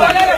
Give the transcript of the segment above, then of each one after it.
Bravo!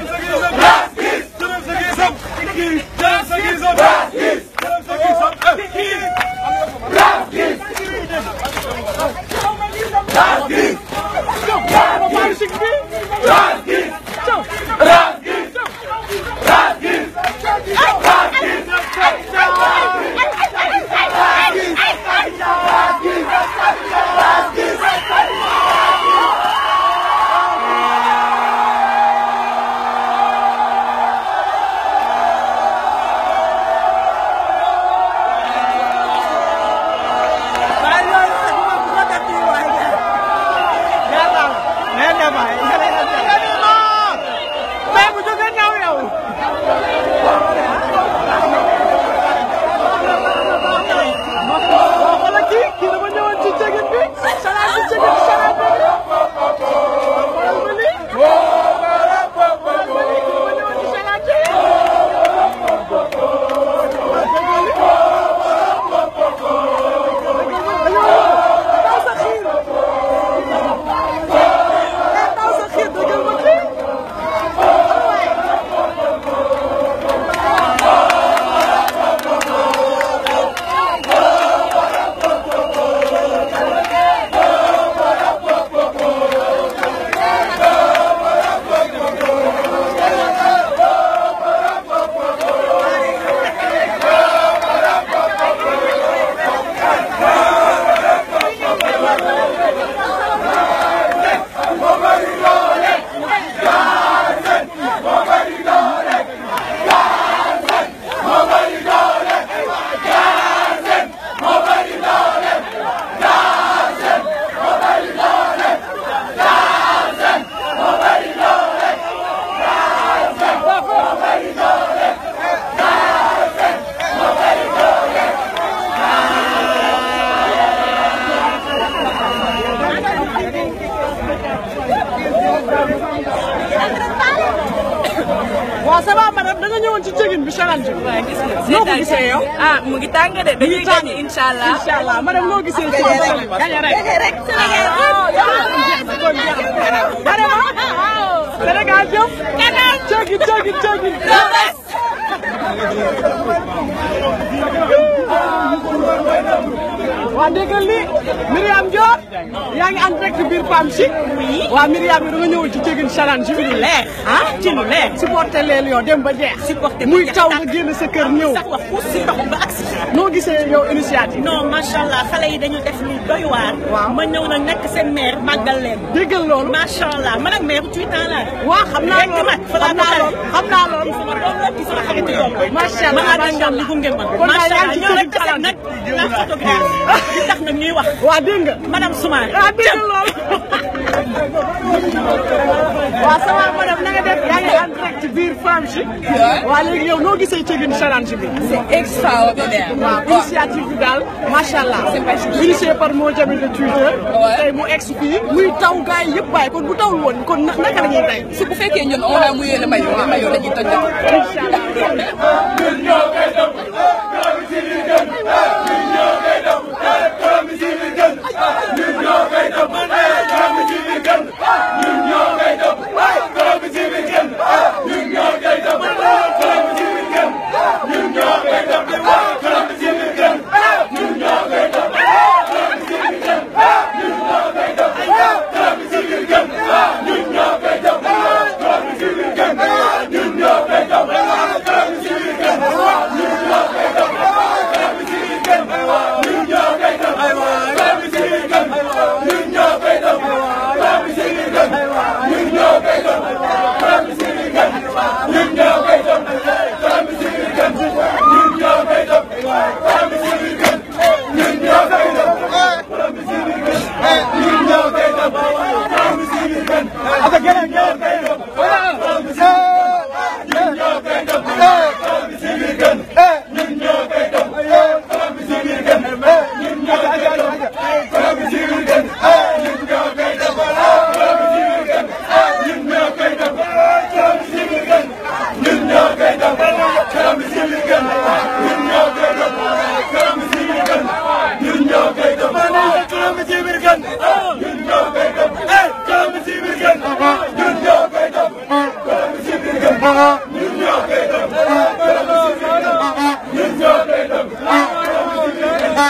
dabei. waaw ça va madame da nga bi challenge bi. waaw gis nga noo ko gisee yow. ah mu ngi tàng de dañuy tàng incha allah incha allah madame noo gisee. gañ rek ah, Sénégal jëf. cëgin cëgin waa déggal lii Myriam Dior yaa ngi en direct biir si. waa Myriam yi da nga ñëwul ci Tegin challenge bi. ci lu leer ah ci lu leer. supporté leen yow dem ba jeex. supporté muy taw nga génn sa kër ah, ñëw. sax wax pour si ndox ba agsi. noo gisee yow initiative. non macha allah xale yi dañu def lu doy waar. waaw ma ñëw nag nekk seen maire màggal leen. déggal loolu macha allah man ak maire bu tuuti temps laa. waaw xam naa loolu rek xam naa loolu xam naa loolu. sama doom la ci sama xarit yoon. macha allah macha la photographe li tax nag ñuy wax. waa dégg nga madame Soumaré. waa ah, dégg nga loolu. waaw ça va madame def yaa ngi en direct biir femme ji. waaw léegi yow noo gisee Cégin Challenge bi. c'est extraordinaire. waaw initiative bi daal macha allah. initié par moo jami de Twitter. tey mu ex fii muy taw gars yi yëpp waaye kon bu tawul woon kon naka la ñuy tey. su bu fekkee ñun on a muyee la mayo mayo la ñuy toj. incha